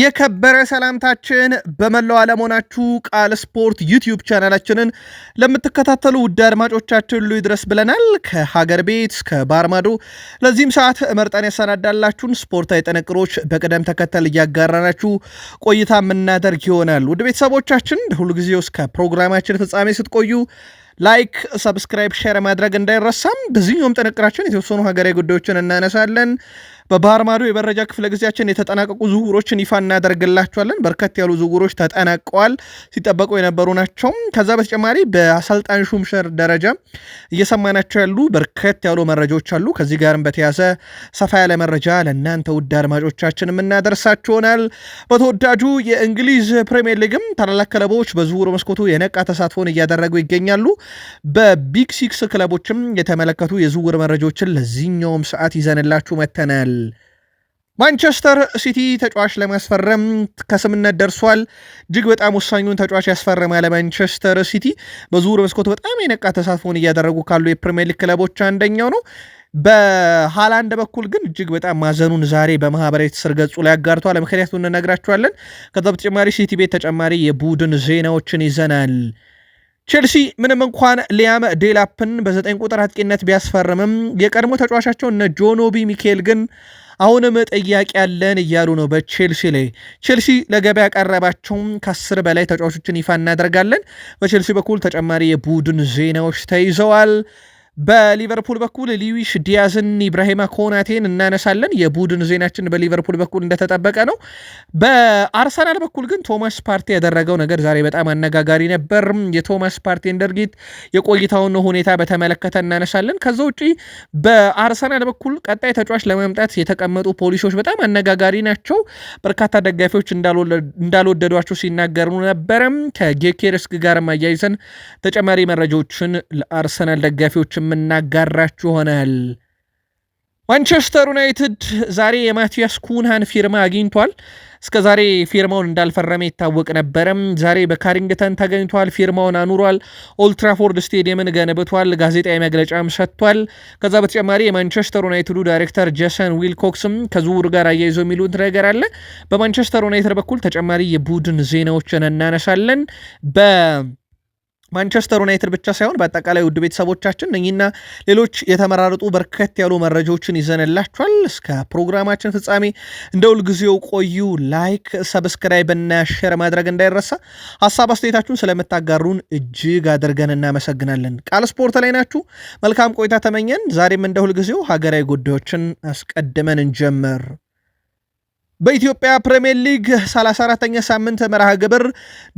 የከበረ ሰላምታችን በመላው አለመሆናችሁ ቃል ስፖርት ዩቲዩብ ቻናላችንን ለምትከታተሉ ውድ አድማጮቻችን ሉ ይድረስ ብለናል። ከሀገር ቤት እስከ ባህር ማዶ ለዚህም ሰዓት መርጠን ያሰናዳላችሁን ስፖርታዊ ጥንቅሮች በቅደም ተከተል እያጋራናችሁ ቆይታ የምናደርግ ይሆናል። ውድ ቤተሰቦቻችን ሁሉ ጊዜው እስከ ፕሮግራማችን ፍጻሜ ስትቆዩ ላይክ፣ ሰብስክራይብ፣ ሼር ማድረግ እንዳይረሳም። በዚህኛውም ጥንቅራችን የተወሰኑ ሀገራዊ ጉዳዮችን እናነሳለን። በባህር ማዶ የመረጃ ክፍለ ጊዜያችን የተጠናቀቁ ዝውውሮችን ይፋ እናደርግላቸዋለን። በርከት ያሉ ዝውውሮች ተጠናቀዋል፣ ሲጠበቁ የነበሩ ናቸው። ከዛ በተጨማሪ በአሰልጣኝ ሹምሽር ደረጃ እየሰማናቸው ያሉ በርከት ያሉ መረጃዎች አሉ። ከዚህ ጋርም በተያዘ ሰፋ ያለ መረጃ ለእናንተ ውድ አድማጮቻችን የምናደርሳችሁ ይሆናል። በተወዳጁ የእንግሊዝ ፕሪምየር ሊግም ታላላቅ ክለቦች በዝውውር መስኮቱ የነቃ ተሳትፎን እያደረጉ ይገኛሉ። በቢግ ሲክስ ክለቦችም የተመለከቱ የዝውውር መረጃዎችን ለዚህኛውም ሰዓት ይዘንላችሁ መተናል። ማንቸስተር ሲቲ ተጫዋች ለማስፈረም ከስምነት ደርሷል። እጅግ በጣም ወሳኙን ተጫዋች ያስፈረመ ለማንቸስተር ሲቲ በዙር መስኮት በጣም የነቃ ተሳትፎን እያደረጉ ካሉ የፕሪሚየር ሊግ ክለቦች አንደኛው ነው። በሃላንድ በኩል ግን እጅግ በጣም ማዘኑን ዛሬ በማህበራዊ ትስስር ገጹ ላይ አጋርተዋል። ምክንያቱ እነግራችኋለን። ከዛ በተጨማሪ ሲቲ ቤት ተጨማሪ የቡድን ዜናዎችን ይዘናል። ቼልሲ ምንም እንኳን ሊያም ዴላፕን በዘጠኝ ቁጥር አጥቂነት ቢያስፈርምም የቀድሞ ተጫዋቻቸው እነ ጆኖቢ ሚኬል ግን አሁንም ጥያቄ ያለን እያሉ ነው በቼልሲ ላይ። ቼልሲ ለገበያ ያቀረባቸውም ከአስር በላይ ተጫዋቾችን ይፋ እናደርጋለን። በቼልሲ በኩል ተጨማሪ የቡድን ዜናዎች ተይዘዋል። በሊቨርፑል በኩል ሊዊሽ ዲያዝን ኢብራሂማ ኮናቴን እናነሳለን። የቡድን ዜናችን በሊቨርፑል በኩል እንደተጠበቀ ነው። በአርሰናል በኩል ግን ቶማስ ፓርቲ ያደረገው ነገር ዛሬ በጣም አነጋጋሪ ነበር። የቶማስ ፓርቲን ድርጊት የቆይታውን ሁኔታ በተመለከተ እናነሳለን። ከዛ ውጪ በአርሰናል በኩል ቀጣይ ተጫዋች ለማምጣት የተቀመጡ ፖሊሲዎች በጣም አነጋጋሪ ናቸው። በርካታ ደጋፊዎች እንዳልወደዷቸው ሲናገሩ ነበረም። ከጌኬርስክ ጋርም አያይዘን ተጨማሪ መረጃዎችን ለአርሰናል ደጋፊዎች የምናጋራችሁ ይሆናል። ማንቸስተር ዩናይትድ ዛሬ የማቲያስ ኩንሃን ፊርማ አግኝቷል። እስከ ዛሬ ፊርማውን እንዳልፈረመ ይታወቅ ነበረም። ዛሬ በካሪንግተን ተገኝቷል፣ ፊርማውን አኑሯል፣ ኦልትራፎርድ ስቴዲየምን ገንብቷል፣ ጋዜጣዊ መግለጫም ሰጥቷል። ከዛ በተጨማሪ የማንቸስተር ዩናይትዱ ዳይሬክተር ጀሰን ዊልኮክስም ከዝውውሩ ጋር አያይዞ የሚሉት ነገር አለ። በማንቸስተር ዩናይትድ በኩል ተጨማሪ የቡድን ዜናዎችን እናነሳለን በ ማንቸስተር ዩናይትድ ብቻ ሳይሆን በአጠቃላይ ውድ ቤተሰቦቻችን እኚህና ሌሎች የተመራረጡ በርከት ያሉ መረጃዎችን ይዘንላችኋል። እስከ ፕሮግራማችን ፍጻሜ እንደ ሁልጊዜው ቆዩ። ላይክ፣ ሰብስክራይብ እና ሼር ማድረግ እንዳይረሳ። ሀሳብ አስተያየታችሁን ስለምታጋሩን እጅግ አድርገን እናመሰግናለን። ቃል ስፖርት ላይ ናችሁ። መልካም ቆይታ ተመኘን። ዛሬም እንደ ሁልጊዜው ሀገራዊ ጉዳዮችን አስቀድመን እንጀምር። በኢትዮጵያ ፕሪምየር ሊግ 34ኛ ሳምንት መርሃ ግብር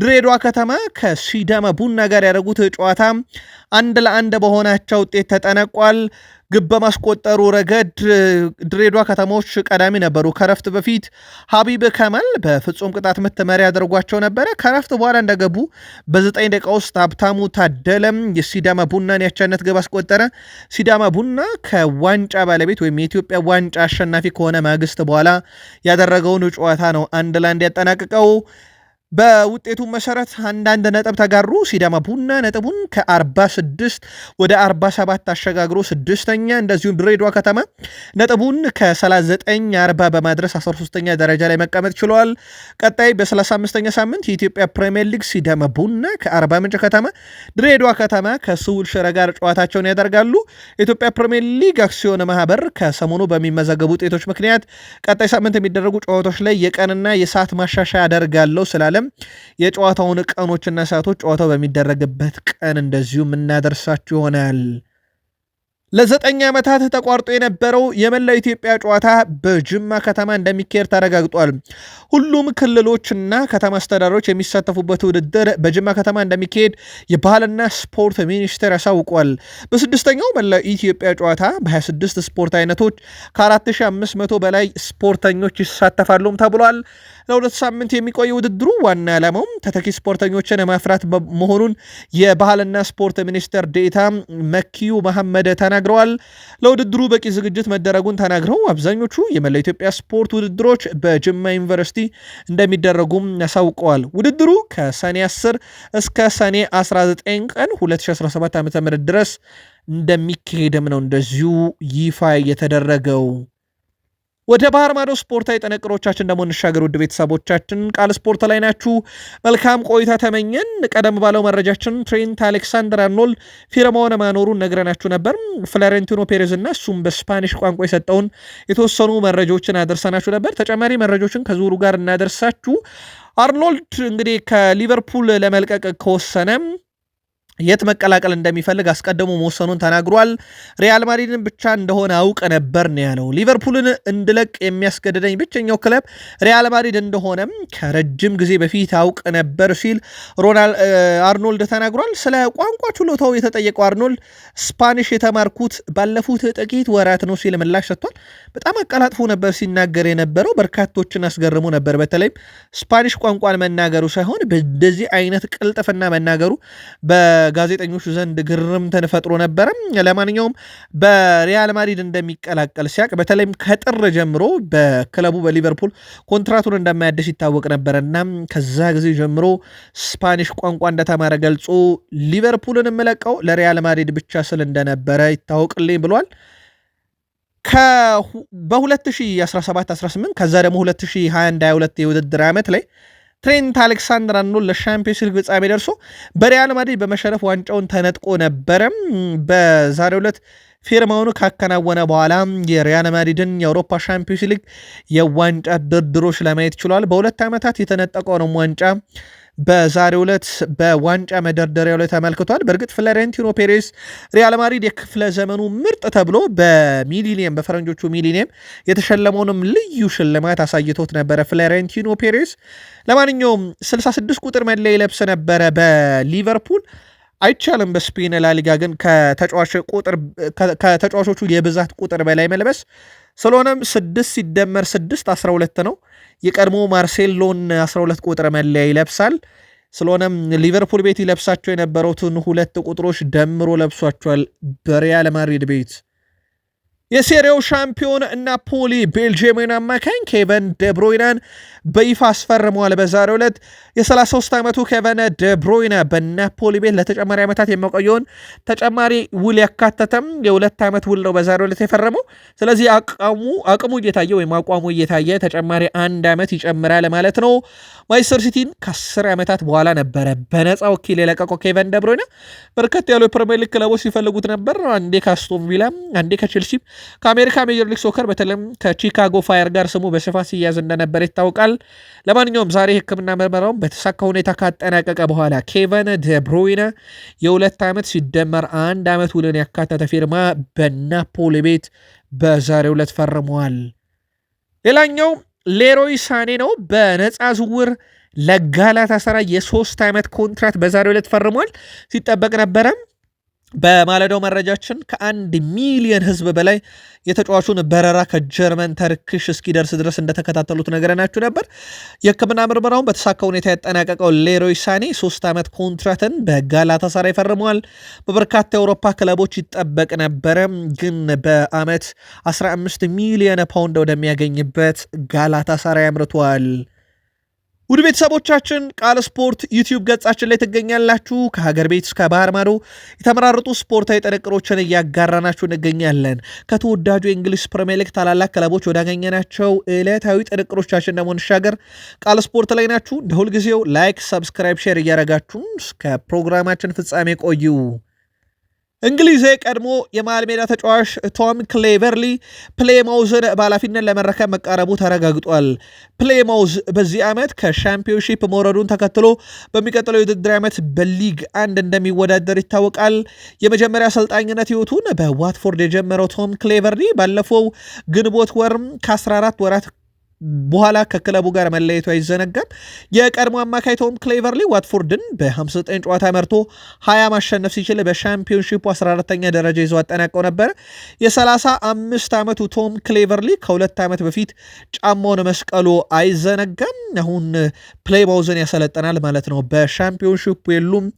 ድሬዳዋ ከተማ ከሲዳማ ቡና ጋር ያደረጉት ጨዋታ አንድ ለአንድ በሆናቸው ውጤት ተጠናቋል። ግብ በማስቆጠሩ ረገድ ድሬዷ ከተሞች ቀዳሚ ነበሩ። ከረፍት በፊት ሀቢብ ከመል በፍጹም ቅጣት ምት መሪ ያደርጓቸው ነበረ። ከረፍት በኋላ እንደገቡ በዘጠኝ ደቂቃ ውስጥ ሀብታሙ ታደለም የሲዳማ ቡናን ያቻነት ግብ አስቆጠረ። ሲዳማ ቡና ከዋንጫ ባለቤት ወይም የኢትዮጵያ ዋንጫ አሸናፊ ከሆነ ማግስት በኋላ ያደረገውን ጨዋታ ነው አንድ ላንድ ያጠናቅቀው። በውጤቱ መሰረት አንዳንድ ነጥብ ተጋሩ። ሲዳማ ቡና ነጥቡን ከ46 ወደ 47 አሸጋግሮ ስድስተኛ፣ እንደዚሁም ድሬዳዋ ከተማ ነጥቡን ከ39 40 በማድረስ 13ኛ ደረጃ ላይ መቀመጥ ችለዋል። ቀጣይ በ35ኛ ሳምንት የኢትዮጵያ ፕሪምየር ሊግ ሲዳማ ቡና ከአርባ ምንጭ ከተማ፣ ድሬዳዋ ከተማ ከስውል ሽረ ጋር ጨዋታቸውን ያደርጋሉ። የኢትዮጵያ ፕሪምየር ሊግ አክሲዮን ማህበር ከሰሞኑ በሚመዘገቡ ውጤቶች ምክንያት ቀጣይ ሳምንት የሚደረጉ ጨዋታዎች ላይ የቀንና የሰዓት ማሻሻያ ያደርጋለው ስላለ በማለም የጨዋታውን ቀኖችና ሰዓቶች ጨዋታው በሚደረግበት ቀን እንደዚሁም እናደርሳችሁ ይሆናል። ለዘጠኝ ዓመታት ተቋርጦ የነበረው የመላው ኢትዮጵያ ጨዋታ በጅማ ከተማ እንደሚካሄድ ተረጋግጧል። ሁሉም ክልሎችና ከተማ አስተዳደሮች የሚሳተፉበት ውድድር በጅማ ከተማ እንደሚካሄድ የባህልና ስፖርት ሚኒስቴር ያሳውቋል። በስድስተኛው መላው ኢትዮጵያ ጨዋታ በ26 ስፖርት አይነቶች ከ4500 በላይ ስፖርተኞች ይሳተፋሉም ተብሏል። ለሁለት ሳምንት የሚቆይ ውድድሩ ዋና ዓላማውም ተተኪ ስፖርተኞችን ማፍራት መሆኑን የባህልና ስፖርት ሚኒስቴር ዴታ መኪዩ መሐመድ ተና ተናግረዋል። ለውድድሩ በቂ ዝግጅት መደረጉን ተናግረው አብዛኞቹ የመላ ኢትዮጵያ ስፖርት ውድድሮች በጅማ ዩኒቨርሲቲ እንደሚደረጉም ያሳውቀዋል። ውድድሩ ከሰኔ 10 እስከ ሰኔ 19 ቀን 2017 ዓ ም ድረስ እንደሚካሄድም ነው እንደዚሁ ይፋ የተደረገው። ወደ ባህር ማዶ ስፖርታዊ ጥንቅሮቻችን ደግሞ እንሻገር። ውድ ቤተሰቦቻችን ቃል ስፖርት ላይ ናችሁ። መልካም ቆይታ ተመኘን። ቀደም ባለው መረጃችን ትሬንት አሌክሳንደር አርኖልድ ፊርማውን ማኖሩን ነግረናችሁ ነበር። ፍሎሬንቲኖ ፔሬዝ እና እሱም በስፓኒሽ ቋንቋ የሰጠውን የተወሰኑ መረጃዎችን አደርሰናችሁ ነበር። ተጨማሪ መረጃዎችን ከዙሩ ጋር እናደርሳችሁ። አርኖልድ እንግዲህ ከሊቨርፑል ለመልቀቅ ከወሰነ የት መቀላቀል እንደሚፈልግ አስቀድሞ መወሰኑን ተናግሯል። ሪያል ማድሪድን ብቻ እንደሆነ አውቅ ነበር ነው ያለው። ሊቨርፑልን እንድለቅ የሚያስገድደኝ ብቸኛው ክለብ ሪያል ማድሪድ እንደሆነም ከረጅም ጊዜ በፊት አውቅ ነበር ሲል አርኖልድ ተናግሯል። ስለ ቋንቋ ችሎታው የተጠየቀው አርኖልድ ስፓኒሽ የተማርኩት ባለፉት ጥቂት ወራት ነው ሲል ምላሽ ሰጥቷል። በጣም አቀላጥፎ ነበር ሲናገር የነበረው በርካቶችን አስገርሞ ነበር። በተለይም ስፓኒሽ ቋንቋን መናገሩ ሳይሆን በእንደዚህ አይነት ቅልጥፍና መናገሩ በጋዜጠኞቹ ዘንድ ግርምትን ፈጥሮ ነበረ። ለማንኛውም በሪያል ማድሪድ እንደሚቀላቀል ሲያቅ በተለይም ከጥር ጀምሮ በክለቡ በሊቨርፑል ኮንትራቱን እንደማያድስ ይታወቅ ነበረ እና ከዛ ጊዜ ጀምሮ ስፓኒሽ ቋንቋ እንደተማረ ገልጾ ሊቨርፑልን የምለቀው ለሪያል ማድሪድ ብቻ ስል እንደነበረ ይታወቅልኝ ብሏል። በ2017/18 ከዛ ደግሞ 2021/22 የውድድር ዓመት ላይ ትሬንት አሌክሳንደር አርኖልድ ለሻምፒዮንስ ሊግ ፍጻሜ ደርሶ በሪያል ማድሪድ በመሸረፍ ዋንጫውን ተነጥቆ ነበረም። በዛሬው ዕለት ፊርማውን ካከናወነ በኋላ የሪያል ማድሪድን የአውሮፓ ሻምፒዮንስ ሊግ የዋንጫ ድርድሮች ለማየት ችሏል። በሁለት ዓመታት የተነጠቀውንም ዋንጫ በዛሬው ዕለት በዋንጫ መደርደሪያው ላይ ተመልክቷል። በእርግጥ ፍሎሬንቲኖ ፔሬስ ሪያል ማድሪድ የክፍለ ዘመኑ ምርጥ ተብሎ በሚሊኒየም በፈረንጆቹ ሚሊኒየም የተሸለመውንም ልዩ ሽልማት አሳይቶት ነበረ። ፍሎሬንቲኖ ፔሬስ ለማንኛውም 66 ቁጥር መለያ ይለብስ ነበረ በሊቨርፑል አይቻልም። በስፔን ላሊጋ ግን ከተጫዋቾቹ የብዛት ቁጥር በላይ መልበስ ስለሆነም ስድስት ሲደመር ስድስት አስራ ሁለት ነው። የቀድሞ ማርሴሎን 12 ቁጥር መለያ ይለብሳል። ስለሆነም ሊቨርፑል ቤት ይለብሳቸው የነበሩትን ሁለት ቁጥሮች ደምሮ ለብሷቸዋል በሪያል ማድሪድ ቤት። የሴሪያው ሻምፒዮን ናፖሊ ቤልጅየምን አማካኝ ኬቨን ደብሮይናን በይፋ አስፈርመዋል። በዛሬው ዕለት የ33 ዓመቱ ኬቨን ደብሮይነ በናፖሊ ቤት ለተጨማሪ ዓመታት የሚቆየውን ተጨማሪ ውል ያካተተም የሁለት ዓመት ውል ነው በዛሬው ዕለት የፈረመው። ስለዚህ አቅሙ አቅሙ እየታየ ወይም አቋሙ እየታየ ተጨማሪ አንድ ዓመት ይጨምራል ማለት ነው። ማንቸስተር ሲቲን ከ10 ዓመታት በኋላ ነበረ በነፃ ወኪል የለቀቀው ኬቨን ደብሮይነ። በርከት ያሉ የፕሪሚየር ሊግ ክለቦች ሲፈልጉት ነበር። አንዴ ከአስቶን ቪላ፣ አንዴ ከቼልሲ፣ ከአሜሪካ ሜጀር ሊግ ሶከር በተለይም ከቺካጎ ፋየር ጋር ስሙ በስፋት ሲያዝ እንደነበረ ይታወቃል። ይገኛል። ለማንኛውም ዛሬ ሕክምና ምርመራውን በተሳካ ሁኔታ ካጠናቀቀ በኋላ ኬቨን ደብሮይነ የሁለት ዓመት ሲደመር አንድ ዓመት ውልን ያካተተ ፊርማ በናፖሊ ቤት በዛሬ ዕለት ፈርመዋል። ሌላኛው ሌሮይ ሳኔ ነው። በነፃ ዝውውር ለጋላታሳራይ የሶስት ዓመት ኮንትራት በዛሬ ዕለት ፈርሟል። ሲጠበቅ ነበረም በማለዳው መረጃችን ከአንድ ሚሊዮን ህዝብ በላይ የተጫዋቹን በረራ ከጀርመን ተርክሽ እስኪደርስ ድረስ እንደተከታተሉት ነግረናችሁ ነበር። የህክምና ምርመራውን በተሳካ ሁኔታ ያጠናቀቀው ሌሮይ ሳኔ ሶስት ዓመት ኮንትራትን በጋላታሳራይ ፈርመዋል። በበርካታ የአውሮፓ ክለቦች ይጠበቅ ነበረ፣ ግን በአመት 15 ሚሊዮን ፓውንድ ወደሚያገኝበት ጋላታሳራይ አምርቷል። ውድ ቤተሰቦቻችን ቃል ስፖርት ዩቲዩብ ገጻችን ላይ ትገኛላችሁ። ከሀገር ቤት እስከ ባህር ማዶ የተመራረጡ ስፖርታዊ ጥንቅሮችን እያጋራናችሁ እንገኛለን። ከተወዳጁ የእንግሊዝ ፕሪሚየር ሊግ ታላላቅ ክለቦች ወዳገኘናቸው ዕለታዊ ጥንቅሮቻችን ደግሞ እንሻገር። ቃል ስፖርት ላይ ናችሁ። እንደ ሁልጊዜው ላይክ፣ ሰብስክራይብ፣ ሼር እያደረጋችሁ እስከ ፕሮግራማችን ፍጻሜ ቆዩ። እንግሊዝ ቀድሞ የመሃል ሜዳ ተጫዋች ቶም ክሌቨርሊ ፕሌማውዝን በኃላፊነት ለመረከብ መቃረቡ ተረጋግጧል። ፕሌማውዝ በዚህ ዓመት ከሻምፒዮንሺፕ መውረዱን ተከትሎ በሚቀጥለው የውድድር ዓመት በሊግ አንድ እንደሚወዳደር ይታወቃል። የመጀመሪያ አሰልጣኝነት ሕይወቱን በዋትፎርድ የጀመረው ቶም ክሌቨርሊ ባለፈው ግንቦት ወርም ከ14 ወራት በኋላ ከክለቡ ጋር መለየቱ አይዘነጋም። የቀድሞ አማካይ ቶም ክሌቨርሊ ዋትፎርድን በ59 ጨዋታ መርቶ 20 ማሸነፍ ሲችል በሻምፒዮንሺፑ 14ተኛ ደረጃ ይዞ አጠናቀው ነበር። የ35 ዓመቱ ቶም ክሌቨርሊ ከሁለት ዓመት በፊት ጫማውን መስቀሉ አይዘነጋም። አሁን ፕሌይባውዝን ያሰለጠናል ማለት ነው። በሻምፒዮንሺፕ የሉም፣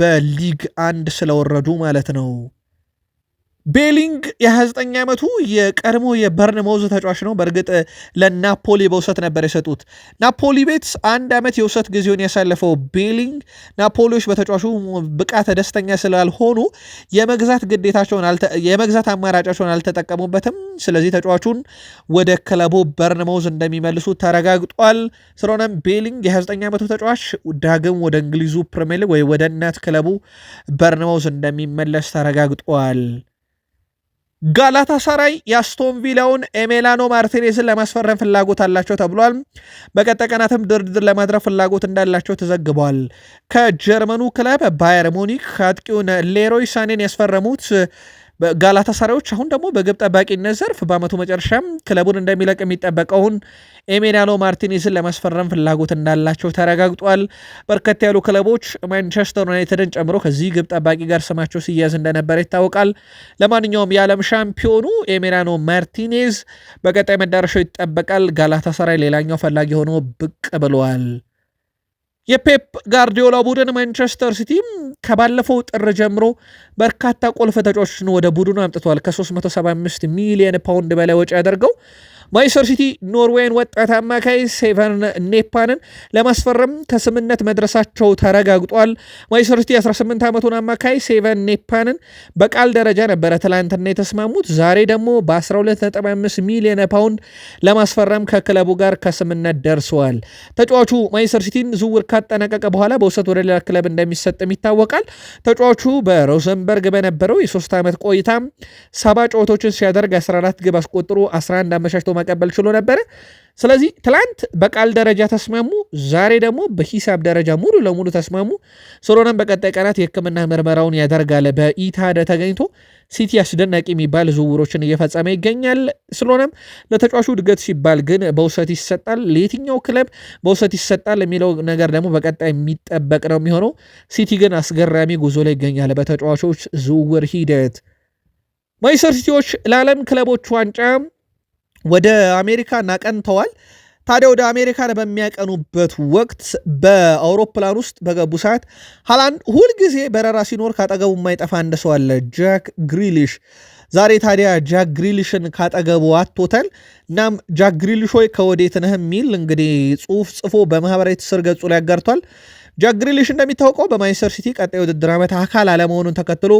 በሊግ አንድ ስለወረዱ ማለት ነው። ቤሊንግ የ29 ዓመቱ የቀድሞ የበርንማውዝ ተጫዋች ነው። በእርግጥ ለናፖሊ በውሰት ነበር የሰጡት። ናፖሊ ቤት አንድ ዓመት የውሰት ጊዜውን ያሳለፈው ቤሊንግ ናፖሊዎች በተጫዋቹ ብቃት ደስተኛ ስላልሆኑ የመግዛት ግዴታቸውን የመግዛት አማራጫቸውን አልተጠቀሙበትም። ስለዚህ ተጫዋቹን ወደ ክለቡ መውዝ እንደሚመልሱ ተረጋግጧል። ስለሆነም ቤሊንግ የ29 ዓመቱ ተጫዋች ዳግም ወደ እንግሊዙ ፕሪሚየር ሊግ ወይ ወደ እናት ክለቡ መውዝ እንደሚመለስ ተረጋግጧል። ጋላታ ሳራይ የአስቶን ቪላውን ኤሜላኖ ማርቲኔዝን ለማስፈረም ፍላጎት አላቸው ተብሏል። በቀጣይ ቀናትም ድርድር ለማድረግ ፍላጎት እንዳላቸው ተዘግቧል። ከጀርመኑ ክለብ ባየር ሙኒክ አጥቂውን ሌሮይ ሳኔን ያስፈረሙት ሰራዎች አሁን ደግሞ በግብ ጠባቂነት ዘርፍ በአመቱ መጨረሻም ክለቡን እንደሚለቅ የሚጠበቀውን ኤሜዳሎ ማርቲኔዝን ለማስፈረም ፍላጎት እንዳላቸው ተረጋግጧል። በርከት ያሉ ክለቦች ማንቸስተር ዩናይትድን ጨምሮ ከዚህ ግብ ጠባቂ ጋር ስማቸው ሲያዝ እንደነበረ ይታወቃል። ለማንኛውም የዓለም ሻምፒዮኑ ኤሜዳሎ ማርቲኔዝ በቀጣይ መዳረሻው ይጠበቃል። ጋላታ ሰራይ ሌላኛው ፈላጊ ሆኖ ብቅ ብለዋል። የፔፕ ጋርዲዮላ ቡድን ማንቸስተር ሲቲም ከባለፈው ጥር ጀምሮ በርካታ ቁልፍ ተጫዋቾችን ወደ ቡድኑ አምጥተዋል። ከ375 ሚሊየን ፓውንድ በላይ ወጪ ያደርገው ማንቸስተር ሲቲ ኖርዌይን ወጣት አማካይ ሴቨን ኔፓንን ለማስፈረም ከስምነት መድረሳቸው ተረጋግጧል። ማንቸስተር ሲቲ 18 ዓመቱን አማካይ ሴቨን ኔፓንን በቃል ደረጃ ነበረ ትላንትና የተስማሙት። ዛሬ ደግሞ በ125 ሚሊዮን ፓውንድ ለማስፈረም ከክለቡ ጋር ከስምነት ደርሰዋል። ተጫዋቹ ማንቸስተር ሲቲን ዝውውር ካጠናቀቀ በኋላ በውሰት ወደ ሌላ ክለብ እንደሚሰጥም ይታወቃል። ተጫዋቹ በሮዘንበርግ በነበረው የሶስት ዓመት ቆይታ ሰባ ጨዋታዎችን ሲያደርግ 14 ግብ አስቆጥሮ 11 አመሻሽቶ መቀበል ችሎ ነበረ። ስለዚህ ትላንት በቃል ደረጃ ተስማሙ፣ ዛሬ ደግሞ በሂሳብ ደረጃ ሙሉ ለሙሉ ተስማሙ። ስለሆነም በቀጣይ ቀናት የሕክምና ምርመራውን ያደርጋል። በኢታደ ተገኝቶ ሲቲ አስደናቂ የሚባል ዝውውሮችን እየፈጸመ ይገኛል። ስለሆነም ለተጫዋቹ እድገት ሲባል ግን በውሰት ይሰጣል፣ ለየትኛው ክለብ በውሰት ይሰጣል የሚለው ነገር ደግሞ በቀጣይ የሚጠበቅ ነው የሚሆነው። ሲቲ ግን አስገራሚ ጉዞ ላይ ይገኛል በተጫዋቾች ዝውውር ሂደት። ማንቸስተር ሲቲዎች ለዓለም ክለቦች ዋንጫ ወደ አሜሪካ አቀንተዋል። ታዲያ ወደ አሜሪካን በሚያቀኑበት ወቅት በአውሮፕላን ውስጥ በገቡ ሰዓት ሃላንድ ሁልጊዜ በረራ ሲኖር ካጠገቡ የማይጠፋ አንድ ሰው አለ፣ ጃክ ግሪሊሽ። ዛሬ ታዲያ ጃክ ግሪሊሽን ካጠገቡ አቶተል። እናም ጃክ ግሪሊሽ ሆይ ከወዴት ነህ የሚል እንግዲህ ጽሑፍ ጽፎ በማህበራዊ ትስስር ገጹ ላይ አጋርቷል። ጃክ ግሪሊሽ እንደሚታወቀው በማንቸስተር ሲቲ ቀጣይ ውድድር ዓመት አካል አለመሆኑን ተከትሎ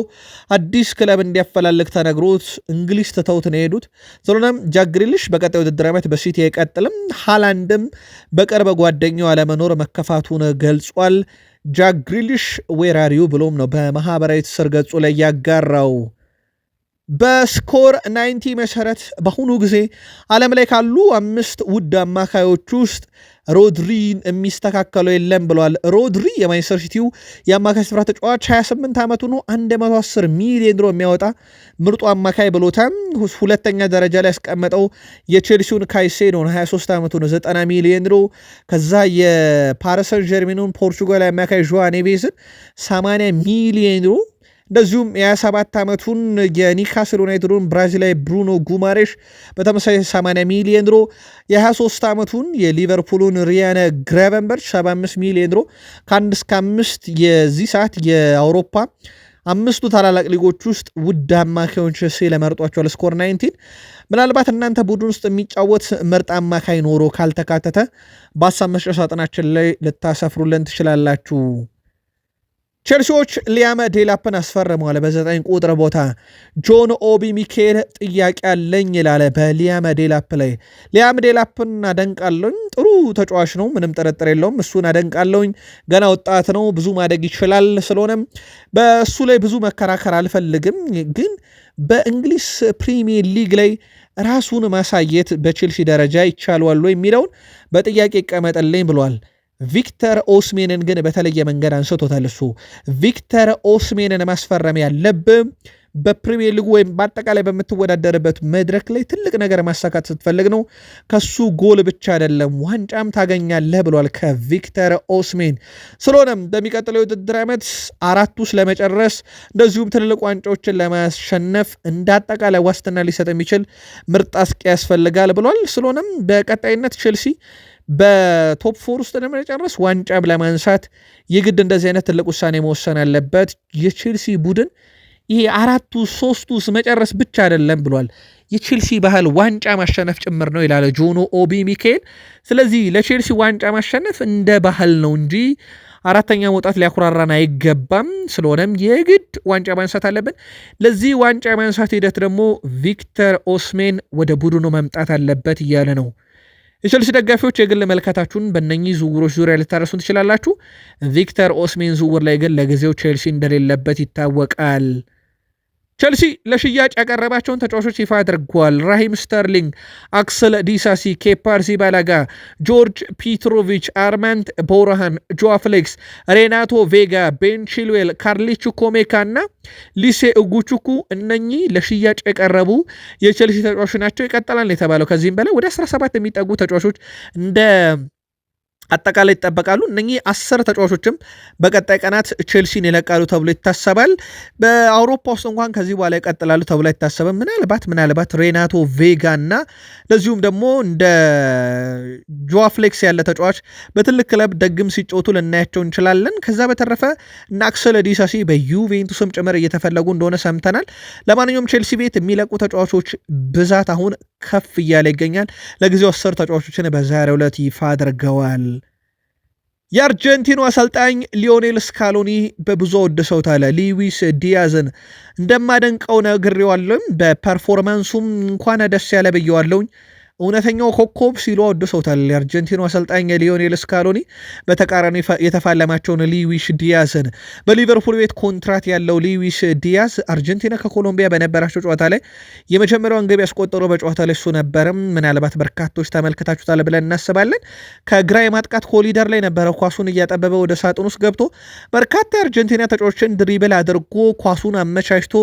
አዲስ ክለብ እንዲያፈላልግ ተነግሮት እንግሊዝ ትተውት ነው የሄዱት። ስለሆነም ጃክ ግሪሊሽ በቀጣይ ውድድር ዓመት በሲቲ አይቀጥልም። ሃላንድም በቅርብ ጓደኛው አለመኖር መከፋቱን ገልጿል። ጃክ ግሪሊሽ ዌራሪዩ ብሎም ነው በማህበራዊ ትስስር ገጹ ላይ ያጋራው። በስኮር 90 መሰረት በአሁኑ ጊዜ ዓለም ላይ ካሉ አምስት ውድ አማካዮች ውስጥ ሮድሪን የሚስተካከለው የለም ብለዋል። ሮድሪ የማንቸስተር ሲቲው የአማካይ ስፍራ ተጫዋች 28 ዓመቱ ነው። 110 ሚሊዮን ዩሮ የሚያወጣ ምርጡ አማካይ ብሎታም ሁለተኛ ደረጃ ላይ ያስቀመጠው የቼልሲውን ካይሴዶ ነው። 23 ዓመቱ ነው። 90 ሚሊዮን ዩሮ። ከዛ የፓሪሰን ሰን ጀርሜኑን ፖርቹጋል አማካይ ዦዋ ኔቬዝን 80 ሚሊዮን ዩሮ እንደዚሁም የ27 ዓመቱን የኒካስል ዩናይትዱን ብራዚላዊ ብሩኖ ጉማሬሽ በተመሳሳይ 80 ሚሊዮን ዩሮ፣ የ23 ዓመቱን የሊቨርፑሉን ሪያነ ግራቨንበርች 75 ሚሊዮን ዩሮ ከአንድ እስከ አምስት የዚህ ሰዓት የአውሮፓ አምስቱ ታላላቅ ሊጎች ውስጥ ውድ አማካዮች ሴል ለመርጧቸዋል። ስኮር 19 ምናልባት እናንተ ቡድን ውስጥ የሚጫወት ምርጥ አማካይ ኖሮ ካልተካተተ በሀሳብ መስጫ ሳጥናችን ላይ ልታሰፍሩልን ትችላላችሁ። ቸልሲዎች ሊያመ ዴላፕን አስፈርመዋል። በዘጠኝ ቁጥር ቦታ ጆን ኦቢ ሚካኤል ጥያቄ አለኝ ይላለ በሊያመ ዴላፕ ላይ ሊያም ዴላፕን አደንቃለኝ። ጥሩ ተጫዋች ነው፣ ምንም ጥርጥር የለውም። እሱን አደንቃለሁኝ። ገና ወጣት ነው፣ ብዙ ማደግ ይችላል። ስለሆነም በእሱ ላይ ብዙ መከራከር አልፈልግም። ግን በእንግሊዝ ፕሪሚየር ሊግ ላይ ራሱን ማሳየት በቼልሲ ደረጃ ይቻላል የሚለውን በጥያቄ ይቀመጠልኝ ብሏል። ቪክተር ኦስሜንን ግን በተለየ መንገድ አንስቶታል። እሱ ቪክተር ኦስሜንን ማስፈረም ያለብህ በፕሪሚየር ሊጉ ወይም በአጠቃላይ በምትወዳደርበት መድረክ ላይ ትልቅ ነገር ማሳካት ስትፈልግ ነው። ከሱ ጎል ብቻ አይደለም ዋንጫም ታገኛለህ ብሏል ከቪክተር ኦስሜን። ስለሆነም በሚቀጥለው የውድድር ዓመት አራት ውስጥ ለመጨረስ እንደዚሁም ትልልቅ ዋንጫዎችን ለማሸነፍ እንደ አጠቃላይ ዋስትና ሊሰጥ የሚችል ምርጥ አስቂ ያስፈልጋል ብሏል። ስለሆነም በቀጣይነት ቼልሲ በቶፕ ፎር ውስጥ ለመጨረስ ዋንጫም ለማንሳት የግድ እንደዚህ አይነት ትልቅ ውሳኔ መወሰን አለበት። የቼልሲ ቡድን ይሄ አራቱ ሶስቱ ውስጥ መጨረስ ብቻ አይደለም ብሏል። የቼልሲ ባህል ዋንጫ ማሸነፍ ጭምር ነው ይላለ ጆኖ ኦቢ ሚካኤል። ስለዚህ ለቼልሲ ዋንጫ ማሸነፍ እንደ ባህል ነው እንጂ አራተኛ መውጣት ሊያኩራራን አይገባም። ስለሆነም የግድ ዋንጫ ማንሳት አለብን። ለዚህ ዋንጫ ማንሳት ሂደት ደግሞ ቪክተር ኦስሜን ወደ ቡድኑ መምጣት አለበት እያለ ነው የቸልሲ ደጋፊዎች የግል መልከታችሁን በእነኚህ ዝውውሮች ዙሪያ ልታረሱን ትችላላችሁ። ቪክተር ኦስሜን ዝውውር ላይ ግን ለጊዜው ቼልሲ እንደሌለበት ይታወቃል። ቸልሲ ለሽያጭ ያቀረባቸውን ተጫዋቾች ይፋ አድርጓል። ራሂም ስተርሊንግ፣ አክሰል ዲሳሲ፣ ኬፓርሲ ባላጋ፣ ጆርጅ ፒትሮቪች፣ አርማንት ቦረሃን፣ ጆዋ ሬናቶ ቬጋ፣ ቤንችልዌል፣ ካርሊቹ ኮሜካ እና ሊሴ እጉቹኩ እነኚህ ለሽያጭ የቀረቡ የቸልሲ ተጫዋቾች ናቸው። ይቀጥላል የተባለው ከዚህም በላይ ወደ 17 የሚጠጉ ተጫዋቾች እንደ አጠቃላይ ይጠበቃሉ። እነኚህ አስር ተጫዋቾችም በቀጣይ ቀናት ቼልሲን ይለቃሉ ተብሎ ይታሰባል። በአውሮፓ ውስጥ እንኳን ከዚህ በኋላ ይቀጥላሉ ተብሎ አይታሰብም። ምናልባት ምናልባት ሬናቶ ቬጋ እና ለዚሁም ደግሞ እንደ ጆዋ ፍሌክስ ያለ ተጫዋች በትልቅ ክለብ ደግም ሲጮቱ ልናያቸው እንችላለን። ከዛ በተረፈ እና አክሰለ ዲሳሲ በዩቬንቱስም ጭምር እየተፈለጉ እንደሆነ ሰምተናል። ለማንኛውም ቼልሲ ቤት የሚለቁ ተጫዋቾች ብዛት አሁን ከፍ እያለ ይገኛል። ለጊዜው አስር ተጫዋቾችን በዛሬው ዕለት ይፋ አድርገዋል። የአርጀንቲኑ አሰልጣኝ ሊዮኔል ስካሎኒ በብዙ ወድሰውታል። ሊዊስ ዲያዝን እንደማደንቀው ነግሬዋለሁም፣ በፐርፎርማንሱም እንኳን ደስ ያለ ብየዋለሁኝ። እውነተኛው ኮከብ ሲሉ አወድሰውታል። የአርጀንቲኑ አሰልጣኝ ሊዮኔል ስካሎኒ በተቃራኒ የተፋለማቸውን ሊዊሽ ዲያዝን በሊቨርፑል ቤት ኮንትራት ያለው ሊዊሽ ዲያዝ አርጀንቲና ከኮሎምቢያ በነበራቸው ጨዋታ ላይ የመጀመሪያውን ግብ ያስቆጠረው በጨዋታ ላይ እሱ ነበርም። ምናልባት በርካቶች ተመልክታችሁታል ብለን እናስባለን። ከግራ የማጥቃት ኮሊደር ላይ ነበረ ኳሱን እያጠበበ ወደ ሳጥን ውስጥ ገብቶ በርካታ የአርጀንቲና ተጫዎችን ድሪብል አድርጎ ኳሱን አመቻችቶ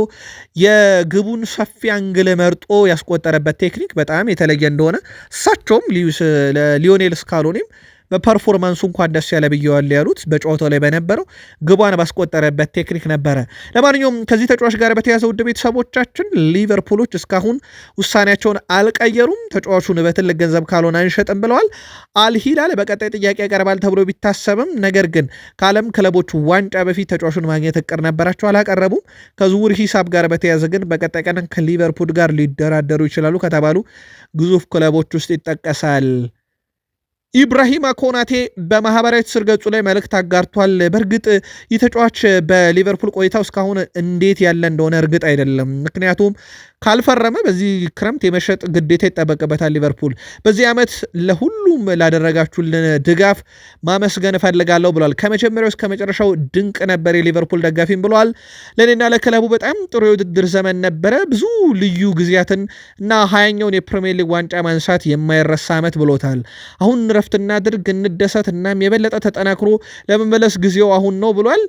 የግቡን ሰፊ አንግል መርጦ ያስቆጠረበት ቴክኒክ በጣም የተለየ እንደሆነ ስለሆነ እሳቸውም ሊዮኔል ስካሎኒም በፐርፎርማንሱ እንኳን ደስ ያለ ብየዋል ያሉት በጨዋታው ላይ በነበረው ግቧን ባስቆጠረበት ቴክኒክ ነበረ። ለማንኛውም ከዚህ ተጫዋች ጋር በተያዘ ውድ ቤተሰቦቻችን ሊቨርፑሎች እስካሁን ውሳኔያቸውን አልቀየሩም። ተጫዋቹን በትልቅ ገንዘብ ካልሆነ አንሸጥም ብለዋል። አልሂላል በቀጣይ ጥያቄ ያቀርባል ተብሎ ቢታሰብም ነገር ግን ከዓለም ክለቦች ዋንጫ በፊት ተጫዋቹን ማግኘት እቅድ ነበራቸው፣ አላቀረቡም። ከዝውውር ሂሳብ ጋር በተያዘ ግን በቀጣይ ቀን ከሊቨርፑል ጋር ሊደራደሩ ይችላሉ ከተባሉ ግዙፍ ክለቦች ውስጥ ይጠቀሳል። ኢብራሂማ ኮናቴ በማህበራዊ ትስስር ገጹ ላይ መልእክት አጋርቷል። በእርግጥ ይህ ተጫዋች በሊቨርፑል ቆይታው እስካሁን እንዴት ያለ እንደሆነ እርግጥ አይደለም። ምክንያቱም ካልፈረመ በዚህ ክረምት የመሸጥ ግዴታ ይጠበቅበታል። ሊቨርፑል በዚህ ዓመት ለሁሉም ላደረጋችሁልን ድጋፍ ማመስገን እፈልጋለሁ ብሏል። ከመጀመሪያው እስከ መጨረሻው ድንቅ ነበር የሊቨርፑል ደጋፊም ብሏል። ለእኔና ለክለቡ በጣም ጥሩ የውድድር ዘመን ነበረ። ብዙ ልዩ ጊዜያትን እና ሀያኛውን የፕሪሚየር ሊግ ዋንጫ ማንሳት የማይረሳ ዓመት ብሎታል። አሁን ረፍት እናድርግ፣ እንደሰት እናም የበለጠ ተጠናክሮ ለመመለስ ጊዜው አሁን ነው ብሏል።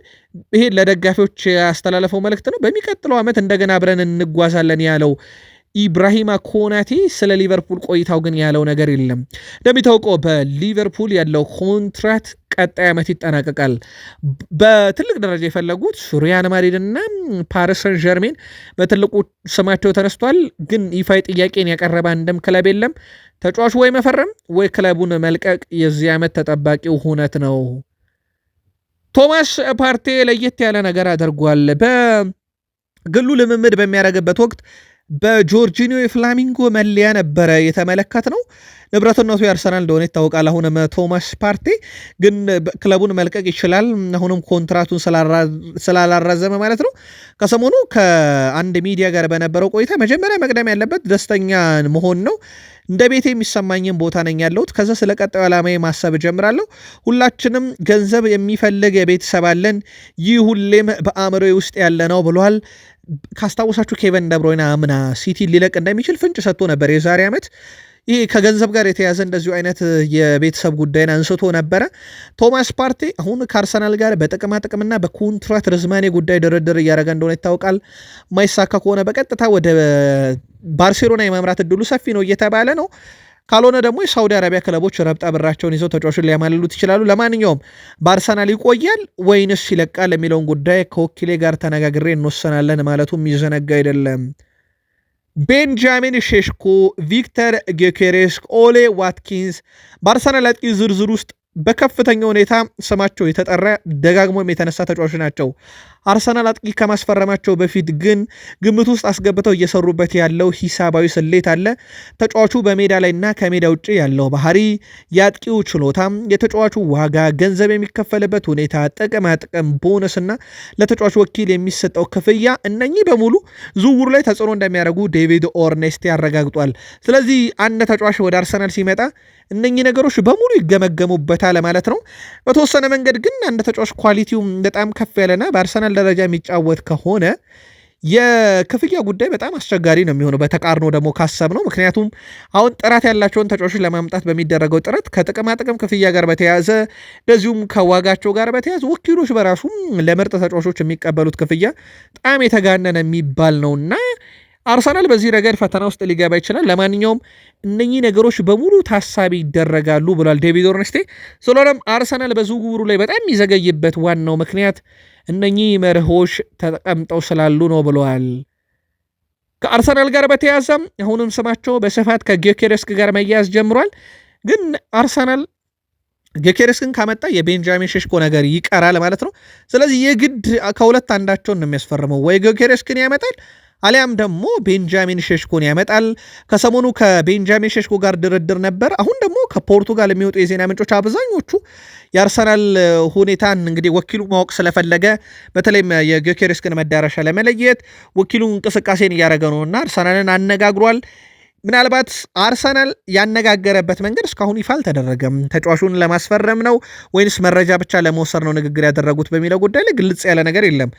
ይሄ ለደጋፊዎች ያስተላለፈው መልእክት ነው። በሚቀጥለው ዓመት እንደገና አብረን እንጓዛለን ያለው ኢብራሂማ ኮናቴ ስለ ሊቨርፑል ቆይታው ግን ያለው ነገር የለም። እንደሚታወቀው በሊቨርፑል ያለው ኮንትራት ቀጣይ ዓመት ይጠናቀቃል። በትልቅ ደረጃ የፈለጉት ሪያል ማድሪድና ፓሪስ ሰን ጀርሜን በትልቁ ስማቸው ተነስቷል። ግን ይፋዊ ጥያቄን ያቀረበ አንድም ክለብ የለም። ተጫዋቹ ወይ መፈረም ወይ ክለቡን መልቀቅ የዚህ ዓመት ተጠባቂው ሁነት ነው። ቶማስ ፓርቴ ለየት ያለ ነገር አድርጓል። በግሉ ልምምድ በሚያደርግበት ወቅት በጆርጂኒዮ የፍላሚንጎ መለያ ነበረ የተመለከት ነው። ንብረትነቱ የአርሰናል እንደሆነ ይታወቃል። አሁንም ቶማስ ፓርቲ ግን ክለቡን መልቀቅ ይችላል። አሁንም ኮንትራቱን ስላላራዘመ ማለት ነው። ከሰሞኑ ከአንድ ሚዲያ ጋር በነበረው ቆይታ መጀመሪያ መቅደም ያለበት ደስተኛ መሆን ነው። እንደ ቤት የሚሰማኝን ቦታ ነኝ ያለሁት። ከዛ ስለ ቀጣዩ ዓላማ ማሰብ እጀምራለሁ። ሁላችንም ገንዘብ የሚፈልግ የቤተሰብ አለን። ይህ ሁሌም በአእምሮ ውስጥ ያለ ነው ብሏል። ካስታወሳችሁ ኬቨን ደብሮይና አምና ሲቲ ሊለቅ እንደሚችል ፍንጭ ሰጥቶ ነበር የዛሬ ዓመት ይህ ከገንዘብ ጋር የተያዘ እንደዚሁ አይነት የቤተሰብ ጉዳይን አንስቶ ነበረ። ቶማስ ፓርቴ አሁን ከአርሰናል ጋር በጥቅማ ጥቅምና በኮንትራት ርዝማኔ ጉዳይ ድርድር እያደረገ እንደሆነ ይታወቃል። ማይሳካ ከሆነ በቀጥታ ወደ ባርሴሎና የማምራት እድሉ ሰፊ ነው እየተባለ ነው። ካልሆነ ደግሞ የሳውዲ አረቢያ ክለቦች ረብጣ ብራቸውን ይዘው ተጫዋቹን ሊያማልሉት ይችላሉ። ለማንኛውም በአርሰናል ይቆያል ወይንስ ይለቃል የሚለውን ጉዳይ ከወኪሌ ጋር ተነጋግሬ እንወሰናለን ማለቱም ይዘነጋ አይደለም። ቤንጃሚን ሼሽኮ፣ ቪክተር ጌኬሬስ፣ ኦሌ ዋትኪንስ በአርሰናል አጥቂ ዝርዝር ውስጥ በከፍተኛ ሁኔታ ስማቸው የተጠራ ደጋግሞም የተነሳ ተጫዋች ናቸው። አርሰናል አጥቂ ከማስፈረማቸው በፊት ግን ግምት ውስጥ አስገብተው እየሰሩበት ያለው ሂሳባዊ ስሌት አለ። ተጫዋቹ በሜዳ ላይና ከሜዳ ውጭ ያለው ባህሪ፣ የአጥቂው ችሎታ፣ የተጫዋቹ ዋጋ፣ ገንዘብ የሚከፈልበት ሁኔታ፣ ጥቅማጥቅም ጥቅም፣ ቦነስና ለተጫዋቹ ወኪል የሚሰጠው ክፍያ፣ እነኚህ በሙሉ ዝውውሩ ላይ ተጽዕኖ እንደሚያደርጉ ዴቪድ ኦርኔስቲ አረጋግጧል። ስለዚህ አንድ ተጫዋች ወደ አርሰናል ሲመጣ እነኚህ ነገሮች በሙሉ ይገመገሙበታል ማለት ነው። በተወሰነ መንገድ ግን አንድ ተጫዋች ኳሊቲው በጣም ከፍ ያለና በአርሰናል በፕሮፌሽናል ደረጃ የሚጫወት ከሆነ የክፍያ ጉዳይ በጣም አስቸጋሪ ነው የሚሆነው። በተቃርኖ ደግሞ ካሰብ ነው። ምክንያቱም አሁን ጥራት ያላቸውን ተጫዋቾች ለማምጣት በሚደረገው ጥረት ከጥቅማጥቅም ክፍያ ጋር በተያያዘ እንደዚሁም ከዋጋቸው ጋር በተያዘ ወኪሎች በራሱ ለምርጥ ተጫዋቾች የሚቀበሉት ክፍያ በጣም የተጋነነ የሚባል ነውና አርሰናል በዚህ ረገድ ፈተና ውስጥ ሊገባ ይችላል። ለማንኛውም እነኚህ ነገሮች በሙሉ ታሳቢ ይደረጋሉ ብሏል ዴቪድ ኦርንስቴ። ስለሆነም አርሰናል በዝውውሩ ላይ በጣም የሚዘገይበት ዋናው ምክንያት እነኚህ መርሆች ተቀምጠው ስላሉ ነው ብለዋል። ከአርሰናል ጋር በተያዘ አሁንም ስማቸው በስፋት ከጌኬሬስክ ጋር መያያዝ ጀምሯል። ግን አርሰናል ጌኬሬስክን ካመጣ የቤንጃሚን ሸሽኮ ነገር ይቀራል ማለት ነው። ስለዚህ የግድ ከሁለት አንዳቸውን ነው የሚያስፈርመው፣ ወይ ጌኬሬስክን ያመጣል አሊያም ደግሞ ቤንጃሚን ሸሽኮን ያመጣል። ከሰሞኑ ከቤንጃሚን ሸሽኮ ጋር ድርድር ነበር። አሁን ደግሞ ከፖርቱጋል የሚወጡ የዜና ምንጮች አብዛኞቹ የአርሰናል ሁኔታን እንግዲህ ወኪሉ ማወቅ ስለፈለገ በተለይም የጊዮኬሬስን መዳረሻ ለመለየት ወኪሉ እንቅስቃሴን እያደረገ እና አርሰናልን አነጋግሯል። ምናልባት አርሰናል ያነጋገረበት መንገድ እስካሁን ይፋ አልተደረገም። ተጫዋቹን ለማስፈረም ነው ወይንስ መረጃ ብቻ ለመውሰድ ነው ንግግር ያደረጉት በሚለው ጉዳይ ላይ ግልጽ ያለ ነገር የለም።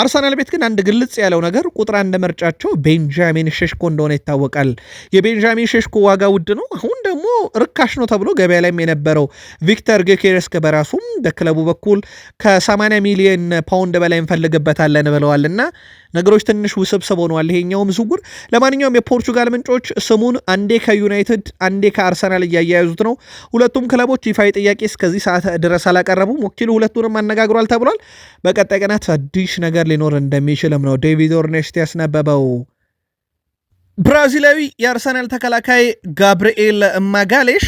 አርሰናል ቤት ግን አንድ ግልጽ ያለው ነገር ቁጥር አንድ ምርጫቸው ቤንጃሚን ሸሽኮ እንደሆነ ይታወቃል። የቤንጃሚን ሸሽኮ ዋጋ ውድ ነው። አሁን ደግሞ ርካሽ ነው ተብሎ ገበያ ላይም የነበረው ቪክተር ጌኬሬስክ በራሱም በክለቡ በኩል ከ80 ሚሊዮን ፓውንድ በላይ እንፈልግበታለን ብለዋል ነገሮች ትንሽ ውስብስብ ሆነዋል ይሄኛውም ዝውውር። ለማንኛውም የፖርቹጋል ምንጮች ስሙን አንዴ ከዩናይትድ አንዴ ከአርሰናል እያያያዙት ነው። ሁለቱም ክለቦች ይፋዊ ጥያቄ እስከዚህ ሰዓት ድረስ አላቀረቡም። ወኪሉ ሁለቱንም አነጋግሯል ተብሏል። በቀጣይ ቀናት አዲስ ነገር ሊኖር እንደሚችልም ነው ዴቪድ ኦርኔስት ያስነበበው። ብራዚላዊ የአርሰናል ተከላካይ ጋብርኤል ማጋሌሽ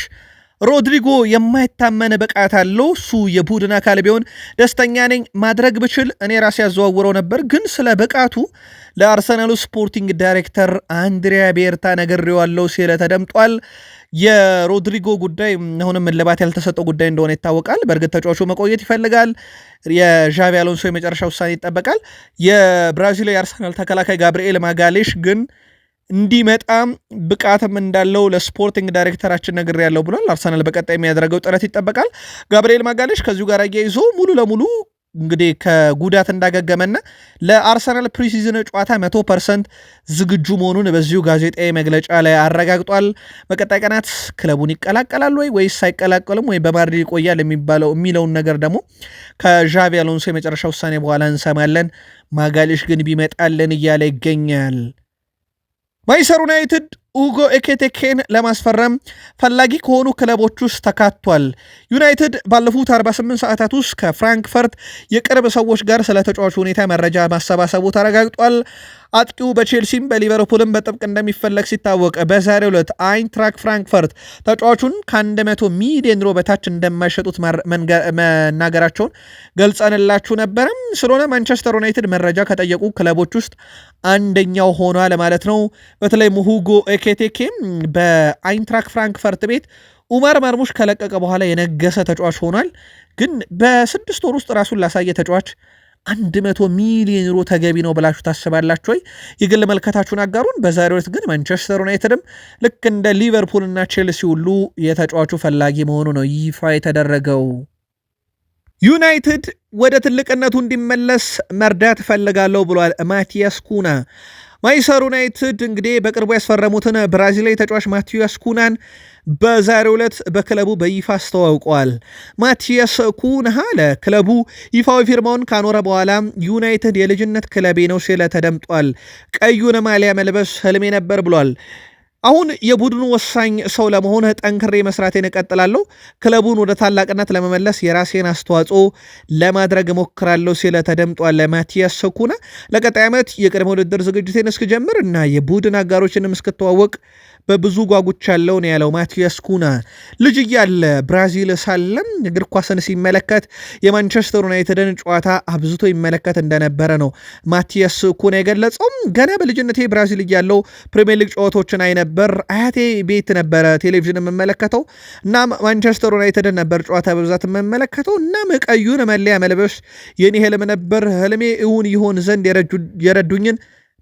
ሮድሪጎ የማይታመን ብቃት አለው። እሱ የቡድን አካል ቢሆን ደስተኛ ነኝ። ማድረግ ብችል እኔ ራሴ ያዘዋውረው ነበር፣ ግን ስለ ብቃቱ ለአርሰናሉ ስፖርቲንግ ዳይሬክተር አንድሪያ ቤርታ ነግሬዋለሁ ሲለ ተደምጧል። የሮድሪጎ ጉዳይ አሁንም እልባት ያልተሰጠው ጉዳይ እንደሆነ ይታወቃል። በእርግጥ ተጫዋቹ መቆየት ይፈልጋል። የዣቪ አሎንሶ የመጨረሻ ውሳኔ ይጠበቃል። የብራዚላዊ የአርሰናል ተከላካይ ጋብርኤል ማጋሌሽ ግን እንዲመጣ ብቃትም እንዳለው ለስፖርቲንግ ዳይሬክተራችን ነግር ያለው ብሏል። አርሰናል በቀጣይ የሚያደረገው ጥረት ይጠበቃል። ጋብርኤል ማጋለሽ ከዚሁ ጋር አያይዞ ሙሉ ለሙሉ እንግዲህ ከጉዳት እንዳገገመና ለአርሰናል ፕሪሲዝን ጨዋታ መቶ ፐርሰንት ዝግጁ መሆኑን በዚሁ ጋዜጣዊ መግለጫ ላይ አረጋግጧል። በቀጣይ ቀናት ክለቡን ይቀላቀላል ወይ ወይስ አይቀላቀሉም ወይ በማድሪድ ይቆያል የሚባለው የሚለውን ነገር ደግሞ ከዣቪ አሎንሶ የመጨረሻ ውሳኔ በኋላ እንሰማለን። ማጋሊሽ ግን ቢመጣልን እያለ ይገኛል። ማንችስተር ዩናይትድ ኡጎ ኤኬቴኬን ለማስፈረም ፈላጊ ከሆኑ ክለቦች ውስጥ ተካቷል። ዩናይትድ ባለፉት 48 ሰዓታት ውስጥ ከፍራንክፈርት የቅርብ ሰዎች ጋር ስለ ተጫዋቹ ሁኔታ መረጃ ማሰባሰቡ ተረጋግጧል። አጥቂው በቼልሲም በሊቨርፑልም በጥብቅ እንደሚፈለግ ሲታወቅ በዛሬው ዕለት አይንትራክ ፍራንክፈርት ተጫዋቹን ከ100 ሚሊዮን ዩሮ በታች እንደማይሸጡት መናገራቸውን ገልጸንላችሁ ነበረም። ስለሆነ ማንቸስተር ዩናይትድ መረጃ ከጠየቁ ክለቦች ውስጥ አንደኛው ሆኗል ማለት ነው። በተለይ ሙሁጎ ኤኬቴኬም በአይንትራክ ፍራንክፈርት ቤት ኡመር መርሙሽ ከለቀቀ በኋላ የነገሰ ተጫዋች ሆኗል። ግን በስድስት ወር ውስጥ ራሱን ላሳየ ተጫዋች አንድ መቶ ሚሊዮን ዩሮ ተገቢ ነው ብላችሁ ታስባላችሁ ወይ? የግል መልከታችሁን አጋሩን። በዛሬው ዕለት ግን ማንቸስተር ዩናይትድም ልክ እንደ ሊቨርፑልና ቼልሲ ሁሉ የተጫዋቹ ፈላጊ መሆኑ ነው ይፋ የተደረገው። ዩናይትድ ወደ ትልቅነቱ እንዲመለስ መርዳት እፈልጋለሁ ብሏል ማቲያስ ኩና። ማይሰር ዩናይትድ እንግዲህ በቅርቡ ያስፈረሙትን ብራዚላዊ ተጫዋች ማቲያስ ኩናን በዛሬው ዕለት በክለቡ በይፋ አስተዋውቋል። ማቲያስ ኩንሃ ለክለቡ ይፋዊ ፊርማውን ካኖረ በኋላ ዩናይትድ የልጅነት ክለቤ ነው ሲል ተደምጧል። ቀዩን ማሊያ መልበስ ህልሜ ነበር ብሏል። አሁን የቡድኑ ወሳኝ ሰው ለመሆን ጠንክሬ መስራቴን እቀጥላለሁ። ክለቡን ወደ ታላቅነት ለመመለስ የራሴን አስተዋጽኦ ለማድረግ እሞክራለሁ ሲለ ተደምጧል። ማቲያስ ኩና ለቀጣይ ዓመት የቅድመ ውድድር ዝግጅቴን እስክጀምር እና የቡድን አጋሮችንም እስክተዋወቅ በብዙ ጓጉች ያለው ነው ያለው ማቲያስ ኩና። ልጅ እያለ ብራዚል ሳለም እግር ኳስን ሲመለከት የማንቸስተር ዩናይትድን ጨዋታ አብዝቶ ይመለከት እንደነበረ ነው ማቲያስ ኩና የገለጸውም። ገና በልጅነቴ ብራዚል እያለው ፕሪሚየር ሊግ ጨዋታዎችን አይ ነበር። አያቴ ቤት ነበረ ቴሌቪዥን የምመለከተው እና ማንቸስተር ዩናይትድን ነበር ጨዋታ በብዛት የምመለከተው እና ቀዩን መለያ መልበስ የኔ ህልም ነበር። ህልሜ እውን ይሆን ዘንድ የረዱኝን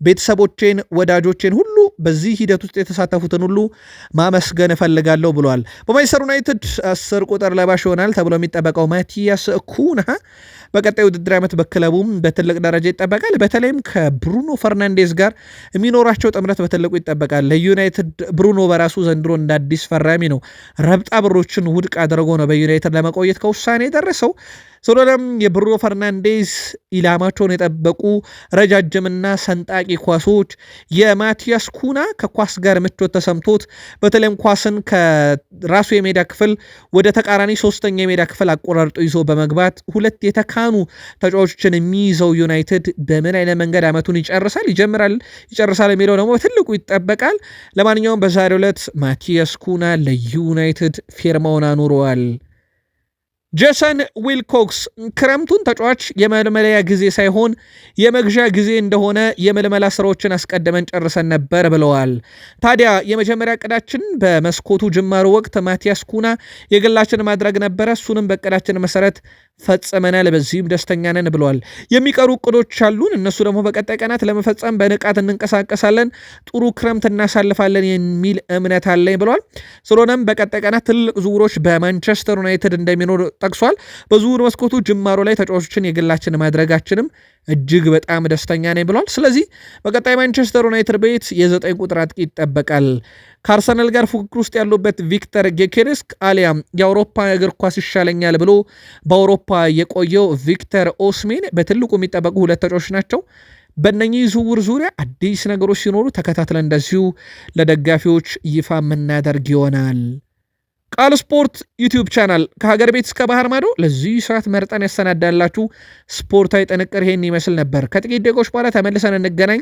ቤተሰቦቼን፣ ወዳጆቼን ሁሉ በዚህ ሂደት ውስጥ የተሳተፉትን ሁሉ ማመስገን እፈልጋለሁ ብለዋል። በማንቸስተር ዩናይትድ አስር ቁጥር ለባሽ ይሆናል ተብሎ የሚጠበቀው ማቲያስ ኩንሃ በቀጣይ ውድድር ዓመት በክለቡም በትልቅ ደረጃ ይጠበቃል። በተለይም ከብሩኖ ፈርናንዴዝ ጋር የሚኖራቸው ጥምረት በትልቁ ይጠበቃል። ለዩናይትድ ብሩኖ በራሱ ዘንድሮ እንደ አዲስ ፈራሚ ነው። ረብጣ ብሮችን ውድቅ አድርጎ ነው በዩናይትድ ለመቆየት ከውሳኔ የደረሰው። ስለሆነም የብሮ ፈርናንዴዝ ኢላማቸውን የጠበቁ ረጃጅምና ሰንጣቂ ኳሶች፣ የማቲያስ ኩና ከኳስ ጋር ምቾት ተሰምቶት በተለይም ኳስን ከራሱ የሜዳ ክፍል ወደ ተቃራኒ ሶስተኛ የሜዳ ክፍል አቆራርጦ ይዞ በመግባት ሁለት የተካኑ ተጫዋቾችን የሚይዘው ዩናይትድ በምን አይነት መንገድ ዓመቱን ይጨርሳል ይጀምራል ይጨርሳል የሚለው ደግሞ በትልቁ ይጠበቃል። ለማንኛውም በዛሬው ዕለት ማቲያስ ኩና ለዩናይትድ ፌርማውን አኑረዋል። ጄሰን ዊልኮክስ ክረምቱን ተጫዋች የመልመለያ ጊዜ ሳይሆን የመግዣ ጊዜ እንደሆነ የመልመላ ስራዎችን አስቀድመን ጨርሰን ነበር ብለዋል። ታዲያ የመጀመሪያ እቅዳችን በመስኮቱ ጅማሩ ወቅት ማቲያስ ኩና የግላችን ማድረግ ነበረ። እሱንም በእቅዳችን መሰረት ፈጽመናል፣ በዚህም ደስተኛ ነን ብለዋል። የሚቀሩ እቅዶች አሉን። እነሱ ደግሞ በቀጣይ ቀናት ለመፈጸም በንቃት እንንቀሳቀሳለን፣ ጥሩ ክረምት እናሳልፋለን የሚል እምነት አለኝ ብለዋል። ስለሆነም በቀጣይ ቀናት ትልቅ ዝውውሮች በማንቸስተር ዩናይትድ እንደሚኖር ጠቅሷል። በዝውውር መስኮቱ ጅማሮ ላይ ተጫዋቾችን የግላችን ማድረጋችንም እጅግ በጣም ደስተኛ ነኝ ብሏል። ስለዚህ በቀጣይ ማንቸስተር ዩናይትድ ቤት የዘጠኝ ቁጥር አጥቂ ይጠበቃል። ከአርሰናል ጋር ፉክክር ውስጥ ያሉበት ቪክተር ጌኬርስክ አሊያም የአውሮፓ እግር ኳስ ይሻለኛል ብሎ በአውሮፓ የቆየው ቪክተር ኦስሜን በትልቁ የሚጠበቁ ሁለት ተጫዋቾች ናቸው። በእነኚህ ዝውውር ዙሪያ አዲስ ነገሮች ሲኖሩ ተከታትለን እንደዚሁ ለደጋፊዎች ይፋ የምናደርግ ይሆናል። ቃል ስፖርት ዩቲዩብ ቻናል ከሀገር ቤት እስከ ባህር ማዶ ለዚህ ሰዓት መርጠን ያሰናዳላችሁ ስፖርታዊ ጥንቅር ይሄን ይመስል ነበር። ከጥቂት ደቂቃዎች በኋላ ተመልሰን እንገናኝ።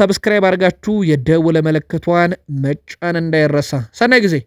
ሰብስክራይብ አድርጋችሁ የደወለ መለክቷን መጫን እንዳይረሳ። ሰናይ ጊዜ